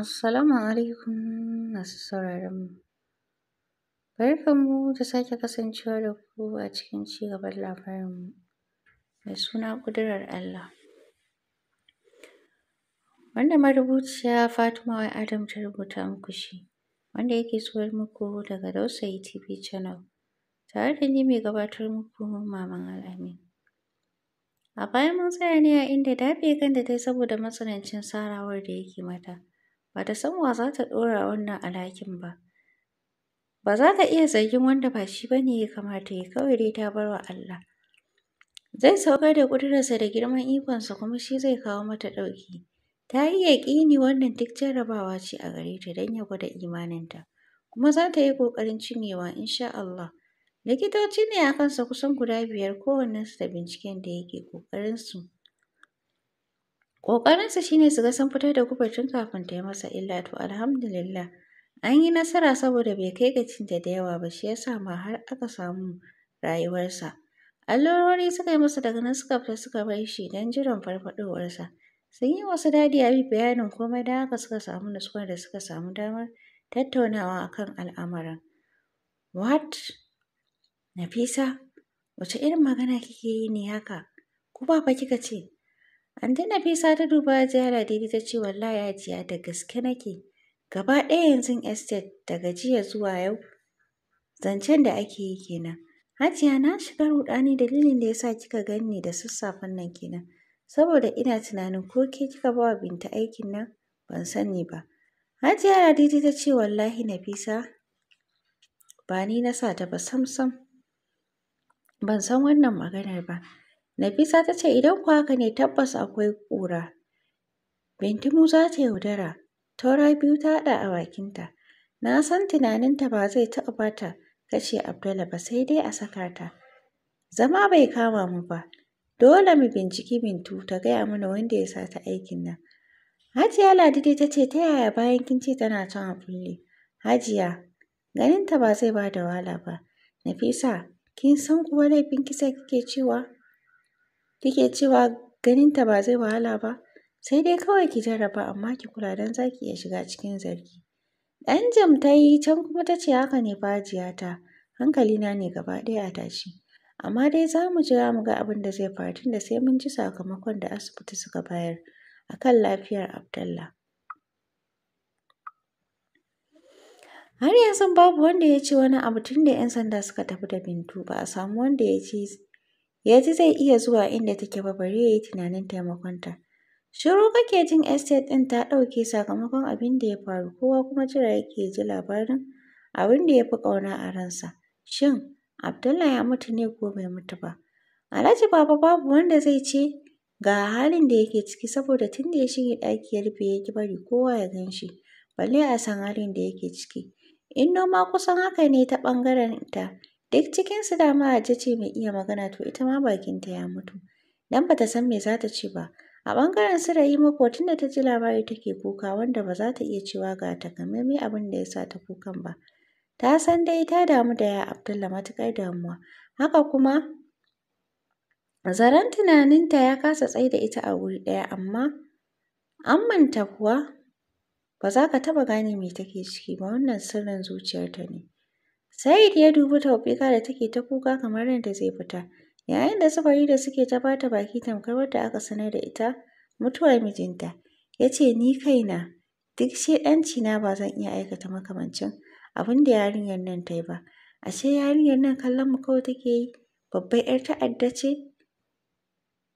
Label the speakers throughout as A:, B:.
A: Assalamu alaikum masu sauraron mu. Barkan mu ta sake kasancewa da ku a cikin cigaban labarin mu mai suna ƙudurar Allah. Wanda marubuciya Fatima wa Adam ta rubuta muku shi wanda yake tsohon muku daga Dausayi TV Channel tare da ni mai gabatar muku Maman Al'amin. A baya mun tsaya ne a inda dafe da ta yi saboda matsanancin sarawar da yake mata. ba ta san wa za ta ɗora wannan alhakin ba. Ba za ta iya zargin wanda ba shi ba ne ya kamata ya kawai dai ta bar wa Allah. Zai saukar da ƙudurarsa da girman ikonsa kuma shi zai kawo mata ɗauki. Ta yi yaƙini wannan duk jarrabawa ce a gare ta don ya gwada imaninta, kuma za ta yi ƙoƙarin cinyewa insha Allah. Likitoci ne a kansa kusan guda biyar kowannensu da binciken da yake ƙoƙarinsu. Ƙoƙarinsa shi ne su ga sun fitar da gubar kafin ta yi masa illa to alhamdulillah an yi nasara saboda bai kai ga cinta da yawa ba shi yasa ma har aka samu rayuwarsa. Allurori suka yi masa daga nan suka fita suka bar shi don jiran farfaɗowarsa. Sun yi wasu dadi a bayanin komai da haka suka samu nutsuwar da suka samu damar tattaunawa akan al'amuran. What? Nafisa, wace irin magana kike yi ne haka? Ku ba fa kika ce? Anti Nafisa ta duba Hajiya Ladidi ta ce wallahi Hajiya da gaske nake. Gaba ɗaya yanzu estate daga jiya zuwa yau zancen da ake yi kenan. Hajiya na shiga ruɗani dalilin da yasa kika ganni da sassafen nan kenan. Saboda ina tunanin ko ke kika ba Binta aikin nan ban sani ba. Hajiya didi ta ce wallahi Nafisa ba ni na sa ta ba sam sam. Ban san wannan maganar ba. Nafisa ta ce idan ku haka ne tabbas akwai ƙura. mu za ta yaudara, taura biyu ta haɗa a bakinta. Na san tunaninta ba zai taɓa bata ta ce Abdullah ba sai dai a saka ta. Zama bai kama mu ba, dole mu binciki Bintu ta gaya mana wanda ya sa ta aikin nan. Hajiya Ladidi ta ce ta yaya bayan kin ce tana can a kulle. Hajiya, ganinta ba zai ba da wahala ba. Nafisa, kin san kuwa laifin kisa kike cewa? Kike cewa ganinta ba zai wahala ba? Sai dai kawai ki jarraba amma ki kula don zaki ki iya shiga cikin zargi. Ɗan jam ta yi can kuma ta ce haka ne ta. hankali na ne gaba ɗaya a tashi. Amma dai za mu jira mu ga abin da zai faru tunda sai mun ji sakamakon da asibiti suka bayar a kan lafiyar Abdallah. Har yanzu babu wanda ya ce wani abu da 'yan sanda suka tafi da Bintu ba a samu wanda ya ce ya ji zai iya zuwa inda take ba bari ya yi tunanin taimakonta. Shiru kake jin estate ɗin ta ɗauke sakamakon abin da ya faru kowa kuma jira yake ji labarin abin da ya fi ƙauna a ransa. Shin Abdullah ya mutu ne ko bai mutu ba? Alhaji Baba babu wanda zai ce ga halin da yake ciki saboda tun da ya shige ɗaki ya rufe ya ki bari kowa ya gan shi balle a san halin da yake ciki. In noma kusan haka ne ta ɓangaren ta Duk cikinsu dama ta ce mai iya magana to ita ma bakinta ya mutu. Dan bata san me za ta ce ba. A ɓangaren su rayi ko tunda ta ji labari take kuka wanda ba za ta iya cewa ga takamaimai abin da ya sa ta kukan ba. Ta san dai ta damu da ya Abdulla matuƙar damuwa. Haka kuma zaren tunaninta ya kasa da ita a wuri ɗaya amma ta kuwa ba za ka taɓa gane me take ciki ba wannan sirrin zuciyarta ne. Sa'id ya dubi Taufika da take ta kuka kamar da zai fita. Yayin da sufari da suke ta bata baki tamkar wadda aka sanar da ita mutuwar mijinta. Ya ce ni kaina duk shedanci na ba zan iya aikata makamancin abin da yarinyar nan ta yi ba. Ashe yarinyar nan kallon mu kawai take yi babbar ƴar ta'adda ce.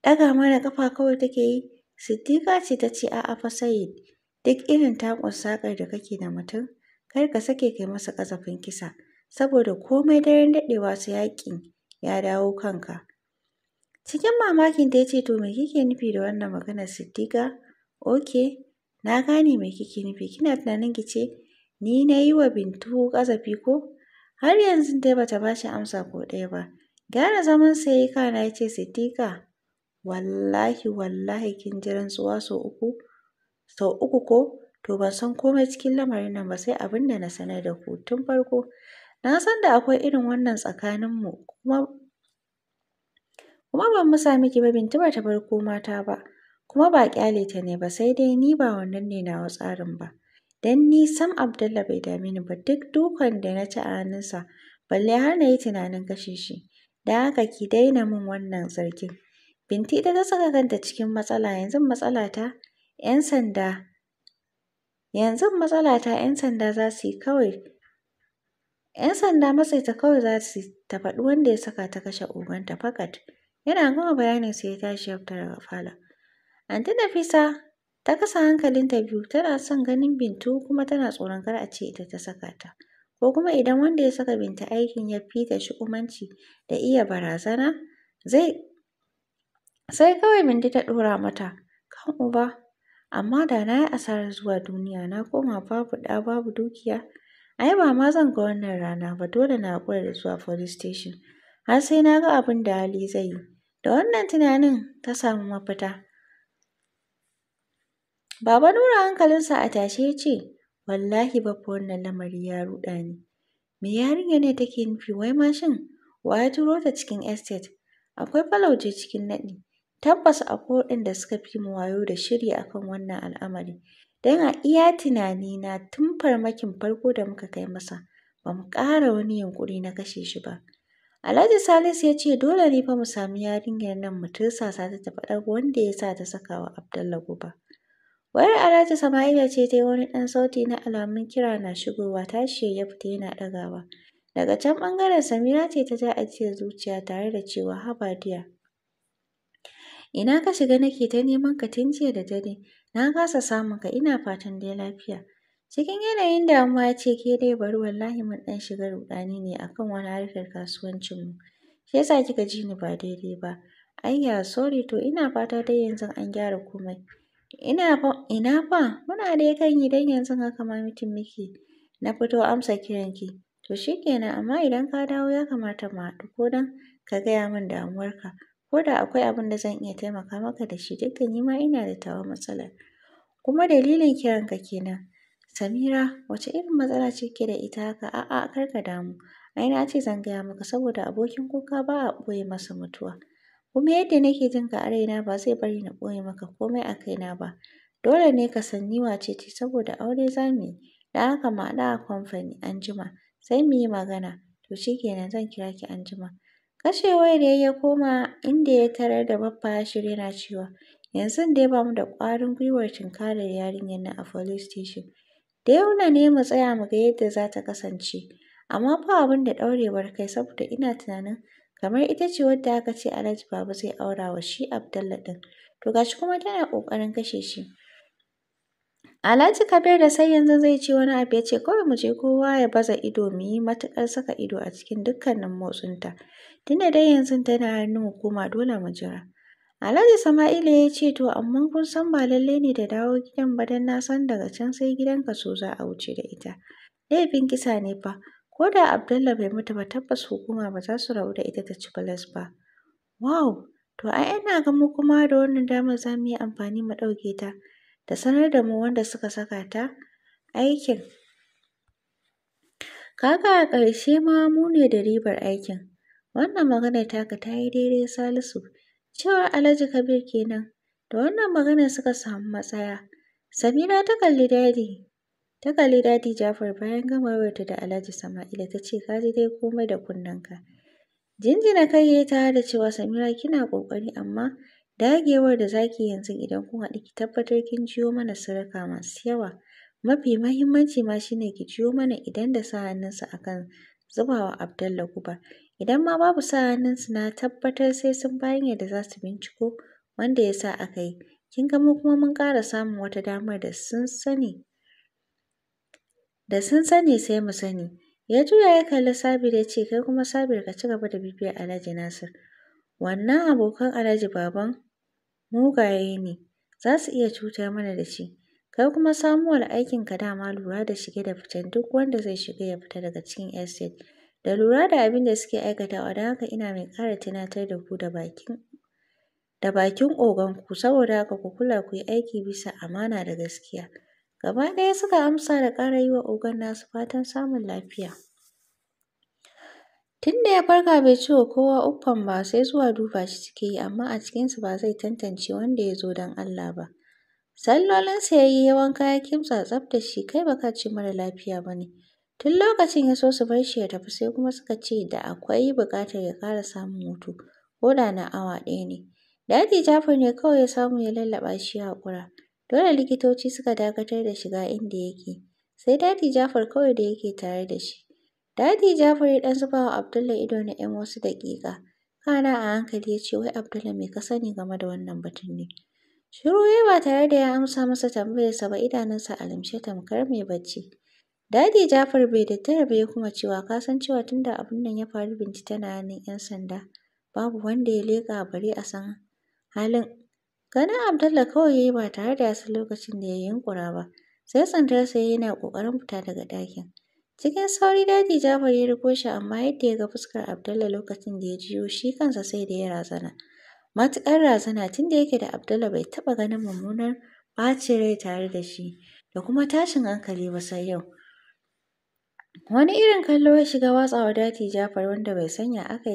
A: Ɗaga mana ƙafa kawai take yi. Siddiƙa ce ta ce a'a fa Sa'id duk irin takun saƙar da kake da mutum kar ka sake kai masa ƙazafin kisa. saboda komai daren daɗewa su yaƙin ya dawo kanka. Cikin mamakin ta ce to me kike nufi da wannan maganar Siddiƙa? Ok, na gane me kike nufi, kina tunanin ki ce ni na yi wa Bintu ƙazafi ko? Har yanzu dai bata ba shi amsa ko ɗaya ba. Gyara zaman sa ya kana ya ce Siddiƙa wallahi wallahi kin ji rantsuwa sau uku sau uku ko to ban san komai cikin lamarin nan ba sai abin da na sanar da ku tun farko Na san da akwai irin wannan tsakaninmu kuma kuma ban musa miki ba Bintu ba ta bar ko mata ba kuma ba ƙyale ta ne ba sai dai ni ba wannan ne nawa tsarin ba. Dan ni sam Abdalla bai dame ni ba duk dukan da na ci a hannunsa balle har na yi tunanin kashe shi. Da haka ki daina min wannan zargin. Binti ita ta saka kanta cikin matsala yanzu matsalata 'yan sanda yanzu matsalata 'yan sanda za su yi kawai ‘Yan sanda ta kawai za su ta faɗi wanda ya saka ta kashe oganta fakat. Yana gama bayanin sai ya tashi ya fita daga falon. Anti Nafisa ta kasa hankalin ta biyu tana son ganin Bintu kuma tana tsoron kar a ce ita ta saka ta. Ko kuma idan wanda ya saka Binta aikin ya fi ta shi'umanci da iya barazana zai sai kawai Bintu ta ɗora mata kan uba amma da na yi asarar zuwa duniya na koma babu ɗa babu dukiya Ai ba ma zan ga wannan rana ba dole na haƙura da zuwa police station har sai na ga abin da hali zai yi. Da wannan tunanin ta samu mafita. Baba Nura hankalinsa a tashe ya ce, Wallahi babba wannan lamari ya ruɗa ni. Me yarinya ne take nufi wai mashin? shin wa ya turo ta cikin estate? Akwai falauje cikin naɗi. Tabbas akwai waɗanda suka fi mu wayo da shiri akan wannan al'amari. Don a iya na tun farmakin farko da muka kai masa ba mu ƙara wani yunƙuri na kashe shi ba. Alhaji Salisu ya ce dole ne fa mu sami yarinyar nan mu tursasa ta tafi wanda ya sa ta saka wa guba. Wayar Alhaji Sama'ila ce ta wani ɗan sauti na alamun kira na shigowa tashi ya fita yana ɗagawa. Daga can ɓangaren Samira ce ta ja ajiye zuciya tare da cewa haba diya Ina ka shiga nake ta neman ka tun jiya da dare, na kasa samun ka ina fatan dai lafiya. Cikin yanayin damuwa ya ce ke dai bari wallahi mun ɗan shiga ruɗani ne akan wani harkar kasuwancinmu. Shi yasa kika ji ni ba daidai ba. Ayya sorry to ina fata dai yanzu an gyara komai. Ina fa ina fa muna dai kan yi dan yanzu haka ma mutum muke. Na fito amsa kiran ki. To shikenan amma idan ka dawo ya kamata mu haɗu ko dan ka gaya min damuwarka. ko da akwai abin da zan iya taimaka maka da shi duk da ni ma ina da tawa matsalar. Kuma dalilin kiran kiranka kenan. Samira, wace irin matsala ce ke da ita haka? A'a, kar ka damu. Ai na ce zan gaya maka saboda abokin kuka ba a ɓoye masa mutuwa. Kuma yadda nake jin ka a raina ba zai bari na ɓoye maka komai a kaina ba. Dole ne ka san ni wace ce saboda aure za mu yi. da haka mu haɗu a kamfani anjima sai mu yi magana. To shi kenan zan kira ki anjima. Kashe wayar ya ya koma inda ya tarar da Baffa shirya na cewa, Yanzu dai ba mu da ƙwarin gwiwar tunkarar yarinyar nan a police station. yauna ne mu tsaya mu ga yadda za ta kasance. Amma fa abin da ɗaurewar kai saboda ina tunanin kamar ita ce wadda aka ce Alhaji Baba zai aura wa shi Abdallah ɗin. To gashi kuma tana ƙoƙarin kashe shi. Alhaji Kabir da sai yanzu zai ce wani abu ya ce kawai mu je kowa ya baza ido mu yi matuƙar saka ido a cikin dukkanin motsinta. Tunda dai yanzu tana hannun hukuma dole mu jira. Alhaji Sama'ila ya ce to amma kun san ba lallai ne da dawo gidan ba dan na san daga can sai gidan kaso za a wuce da ita. Laifin kisa ne fa. Ko da Abdalla bai mutu ba tabbas hukuma ba za su rabu da ita ta ci balas ba. Wow! To ai ina ga mu kuma da wannan damar za mu yi amfani mu ɗauke ta da sanar da mu wanda suka saka ta aikin. Kaka a ƙarshe ma mu ne da ribar aikin. Wannan maganar taka ta yi daidai Salisu, cewa Alhaji Kabir kenan. Da wannan maganar suka samu matsaya. Samira ta kalli dadi. Ta kalli dadi Jafar bayan gama wayarta da Alhaji Sama'ila ta ce ka ji dai komai da kunnen ka. Jinjina kai ya ta da cewa Samira kina ƙoƙari amma dagewar da zaki yanzu idan kun haɗu ki tabbatar kin jiyo mana sadaka masu yawa. mafi mahimmanci ma shine ki jiyo mana idan da sa hannunsa akan zubawa Abdallah guba Idan ma babu sa su na tabbatar sai sun bayan yadda da za su binciko wanda ya sa aka yi. Kin ga mu kuma mun ƙara samun wata damar da sun sani da sun sani sai mu sani. Ya juya ya kalli Sabir ya ce kai kuma Sabir ka ci gaba da bibiyar Alhaji Nasir. Wannan abokan Alhaji baban mugaye ne za su iya cutar mana da shi. Kai kuma aikin aikinka dama lura da shige da ficen duk wanda zai shiga ya fita daga cikin estate. da lura da abin da suke aikatawa don haka ina mai ƙara tunatar da ku da bakin da bakin oganku saboda haka ku kula ku yi aiki bisa amana da gaskiya. Gaba ɗaya suka amsa da ƙara yi wa ogan nasu fatan samun lafiya. Tun da ya farka bai ce wa kowa uffan ba sai zuwa duba shi suke yi amma a cikinsu ba zai tantance wanda ya zo don Allah ba. Sallolinsa ya yi yawan kaya kimsa da shi kai baka ci mara lafiya ba ne. Tun lokacin ya so su bar shi ya tafi sai kuma suka ce da akwai buƙatar ya ƙara samun hutu ko da na awa ɗaya ne. Daji Jafar ne kawai ya samu ya lallaɓa shi haƙura. Dole likitoci suka dakatar da shiga inda yake. Sai Daji Jafar kawai da yake tare da shi. Daji Jafar ya ɗan zuba wa Abdullah ido na ‘yan wasu daƙiƙa. Kana a hankali ya ce wai Abdullah me ka sani game da wannan batun ne? Shiru ya ba tare da ya amsa masa tambayarsa ba idanunsa a tamkar mai bacci. Dadi Jafar bai da ba ya kuma cewa ka san cewa tunda abin nan ya faru Binti tana nan 'yan sanda. Babu wanda ya leka bare a san halin. Ganin Abdallah kawai yayi ba tare da ya lokacin da ya yunkura ba. Sai sai yana kokarin fita daga dakin Cikin sauri Dadi Jafar ya riko shi amma yadda ya ga fuskar Abdallah lokacin da ya jiyo shi kansa sai da ya razana. matukar razana tunda yake da Abdallah bai taɓa ganin mummunar ɓacin rai tare da shi da kuma tashin hankali ba sai yau. Wani irin kallo ya shiga watsawa dati Jafar wanda bai sanya aka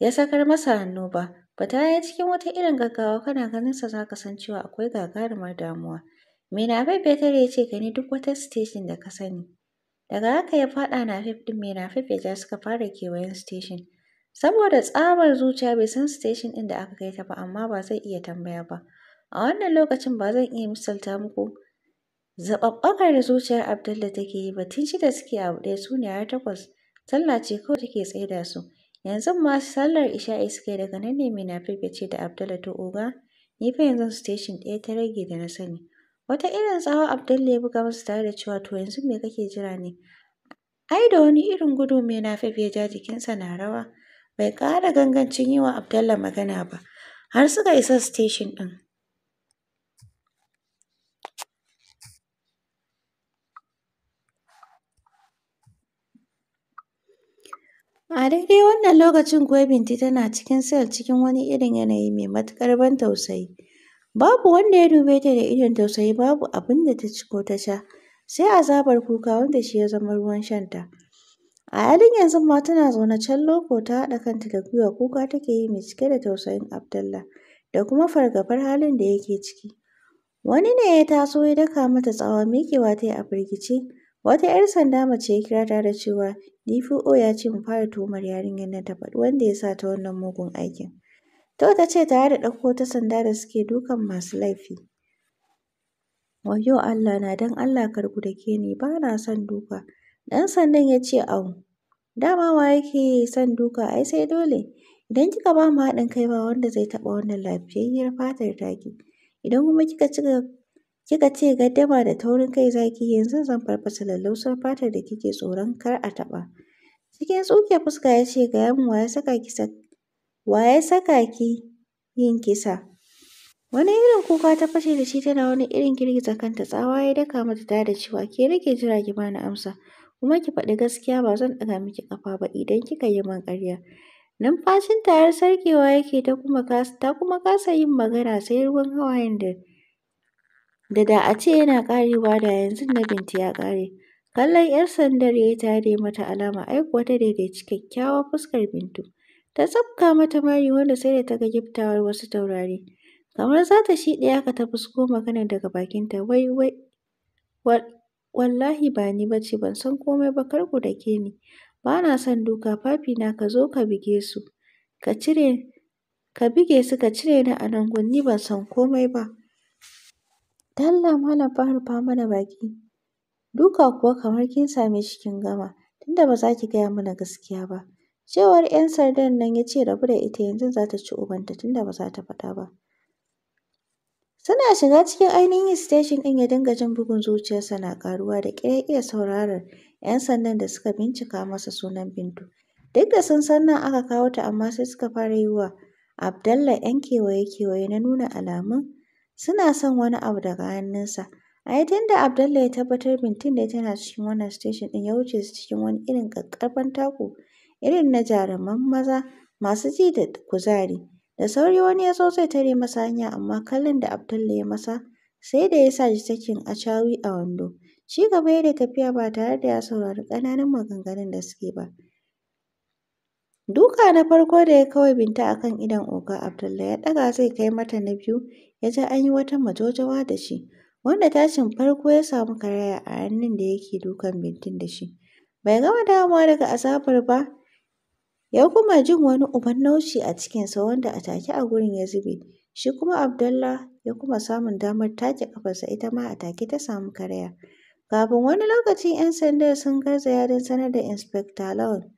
A: ya sakar masa hannu ba. Fita ya cikin wata irin gaggawa kana sa za ka san cewa akwai gagarumar damuwa. Mena Afif ya tare ya ce gani duk wata station da ka sani. Daga haka ya faɗa na Afif din Mena Afif ya ja suka fara kewayen station. Saboda tsamar zuciya bai san station ɗin da aka kai ta ba amma ba zai iya tambaya ba. A wannan lokacin ba zan iya misalta muku zaɓaɓɓakar da zuciyar abdullah take yi ba batun shida suke abu ɗaya su ne har takwas sallah ce kawai take tsaida su yanzu ma sallar isha'i suke daga nan ne mai nafif ya ce da abdullah to oga ni fa yanzu station ɗaya ta rage da na sani wata irin tsawa abdullah ya buga masa tare da cewa to yanzu me kake jira ne ai da wani irin gudu mai nafif ya ja jikinsa na rawa bai ƙara gangancin yi wa abdullah magana ba har suka isa station ɗin A daidai wannan lokacin kuwa Binti tana cikin sel cikin wani irin yanayi mai matuƙar ban tausayi. Babu wanda ya dube ta da irin tausayi babu abin da ta ci ko ta sha, sai azabar kuka wanda shi ya zama ruwan shanta. A halin yanzu ma tana zaune can loko ta haɗa kanta da gwiwa kuka take yi mai cike da tausayin Abdallah da kuma fargabar halin da yake ciki. Wani ne ya taso ya daka mata tsawa miƙewa ta yi a firgice. Wata 'yar sanda mace ya kira ta da cewa DPO ya ce mu fara tuhumar yarinyar nan ta faɗi wanda ya sa ta wannan mugun aikin. To ta ce tare da ɗauko ta sanda da suke dukan masu laifi. Wayyo Allah na don Allah kar da ke ni ba na son duka. Ɗan sandan ya ce au. Dama wa yake son duka ai sai dole. Idan kika ba mu haɗin kai ba wanda zai taɓa wannan lafiyayyiyar fatar taki. Idan kuma kika cika Kika ce gaddama da taurin kai zaki yanzu zan farfasa lallausar fatar da kike tsoron kar a taɓa. Cikin tsuke fuska ya ce yamu wa ya saka ki wa ya saka ki yin kisa. Wani irin kuka ta fashe da shi tana wani irin girgiza kanta tsawa ya daka mata ta da cewa ke nake jira ki bani amsa kuma ki faɗi gaskiya ba zan ɗaga miki ƙafa ba idan kika yi man ƙarya. Numfashin ta har sarƙewa yake ta kuma kasa yin magana sai ruwan hawayen da da da a ce yana ƙarewa da yanzu na Binta ya ƙare. Kallon 'yar sandar ya yi tare mata alama ai kuwa ta daidaici kyakkyawar fuskar Bintu. Ta tsabka mata mari wanda sai da ta ga giftawar wasu taurari. Kamar za ta shi ɗaya ka ta fusko maganar daga bakinta wai wai wallahi ba ni ba ban san komai ba kar ku dake ni. Ba na son duka fafina ka zo ka bige su. Ka cire ka bige su ka cire ni a nan gunni ban san komai ba. Dalla malam Fahad mana baki. Duka kuwa kamar kin same shi kin gama, tunda ba za ki gaya mana gaskiya ba. Cewar 'yan sandan nan ya ce rabu da ita yanzu za ta ci ubanta tunda ba za ta faɗa ba. Suna shiga cikin ainihin station ɗin ya dinga jin bugun zuciyarsa na ƙaruwa da ƙyar iya sauraron 'yan sandan da suka bincika masa sunan Bintu. Duk da sun san nan aka kawo ta amma sai suka fara yi wa Abdallah 'yan kewaye-kewaye na nuna alamun suna son wani abu daga hannunsa. A yi tun da abdalla ya tabbatar Bintin dai tana cikin wannan station ɗin ya wuce su cikin wani irin ƙaƙƙarfan taku irin na jaruman maza masu ji da kuzari. Da sauri wani ya zo zai tare masa hanya amma kallon da abdalla ya masa sai da ya sa shi sakin acawi a wando. Shi gaba ya da tafiya ba tare da ya saurari ƙananan maganganun da suke ba. Duka na farko da ya kawai Binta akan kan idon Oga abdalla ya ɗaga zai kai mata na biyu ya ji an yi wata majojawa da shi wanda tashin farko ya samu karaya a hannun da yake dukan bintin da shi bai gama damuwa daga azabar ba ya kuma jin wani uban naushi a cikinsa wanda a take a gurin ya zube shi kuma abdallah ya kuma samun damar take kafarsa ita ma a take ta samu karaya kafin wani lokacin 'yan sanda sun garzaya don sanar da inspector lawan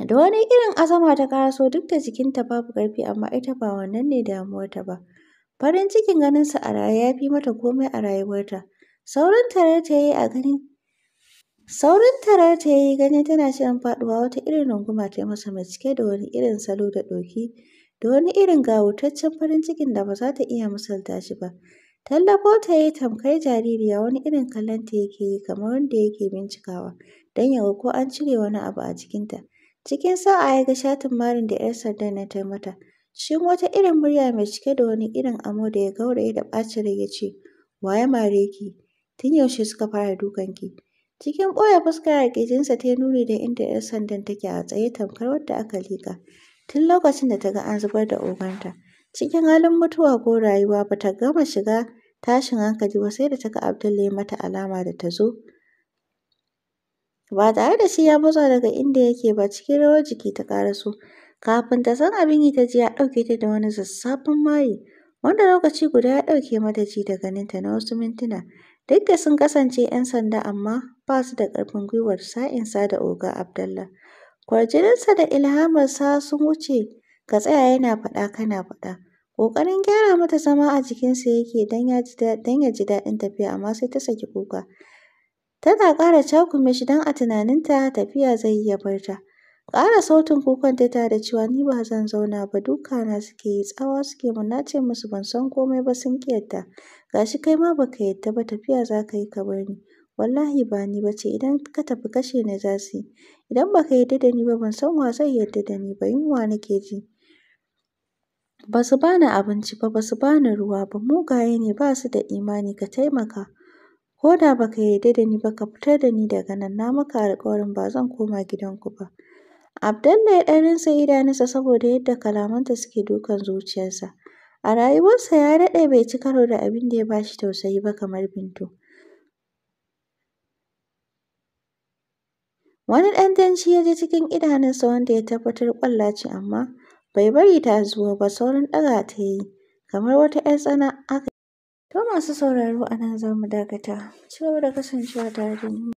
A: da wani irin azama ta karaso duk da jikinta babu ƙarfi amma ita ba wannan ne damuwarta ba Farin cikin ganinsa a raye ya fi mata komai a rayuwarta. Saurin tarar ta yi a gani, Saurin tarar ta yi gani tana shirin faɗuwa wata irin runguma ta masa mai cike da wani irin salo da ɗoki da wani irin gawurtaccen farin cikin da ba za ta iya misalta shi ba. Tallafo ta yi tamkar jaririya wani irin kallonta yake yi kamar wanda yake bincikawa don ya ga ko an cire wani abu a cikinta. Cikin sa'a ya ga shatin marin da 'yar sandan na ta mata. Cikin wata irin murya mai cike da wani irin amo da ya gauraye da ɓacin rai ya ce, Wa ya mare ki? Tun yaushe suka fara dukan ki? Cikin ɓoye fuska a ƙirjinsa ta nuni da inda 'yar sandan take a tsaye tamkar wadda aka liƙa. Tun lokacin da ta ga an zubar da oganta, cikin halin mutuwa ko rayuwa ba ta gama shiga tashin hankali ba sai da ta ga Abdullahi mata alama da ta zo. Ba tare da shi ya matsa daga inda yake ba cikin rawar jiki ta ƙaraso. Kafin ta san abin yi ta ji ya ɗauke ta da wani zazzafin mari, wanda lokaci guda ya ɗauke mata ji da ganinta na wasu mintuna. Duk da sun kasance 'yan sanda amma ba su da ƙarfin gwiwar sa'insa da Oga Abdallah. Kwarjininsa da ilhamarsa sun wuce ka tsaya yana faɗa kana faɗa. Ƙoƙarin gyara mata zama a jikinsa yake don ya ji daɗin tafiya amma sai ta saki kuka. Tana ƙara cakume shi don a tunaninta tafiya zai yi ya barta. ƙara sautin kukan ta da cewa ni ba zan zauna ba na suke yi tsawa suke mun na musu ban san komai ba sun ƙi Ga gashi kai ma baka yadda ba tafiya za ka yi ka bar ni wallahi ba ni ba ce idan ka tafi kashe ni za idan baka yarda da ni ba ban san wa zai yarda da ni ba yunwa nake ji ba su bani abinci ba ba su bani ruwa ba mugaye ne ba su da imani ka taimaka ko da baka yarda da ni ba ka fitar da ni daga nan na maka alƙawarin ba zan koma ku ba Abdallah ya ɗan rinsa idanunsa saboda yadda kalamanta suke dukan zuciyarsa. A rayuwarsa ya daɗe bai ci karo da abin da ya bashi tausayi ba kamar Bintu. Wani ɗan danci ya ji cikin idanunsa wanda ya tabbatar ƙwalla ce amma bai bari ta zuwa ba saurin ɗaga ta yi kamar wata 'yar tsana aka To masu sauraro a nan za mu dakata. Ci da kasancewa tare da mu.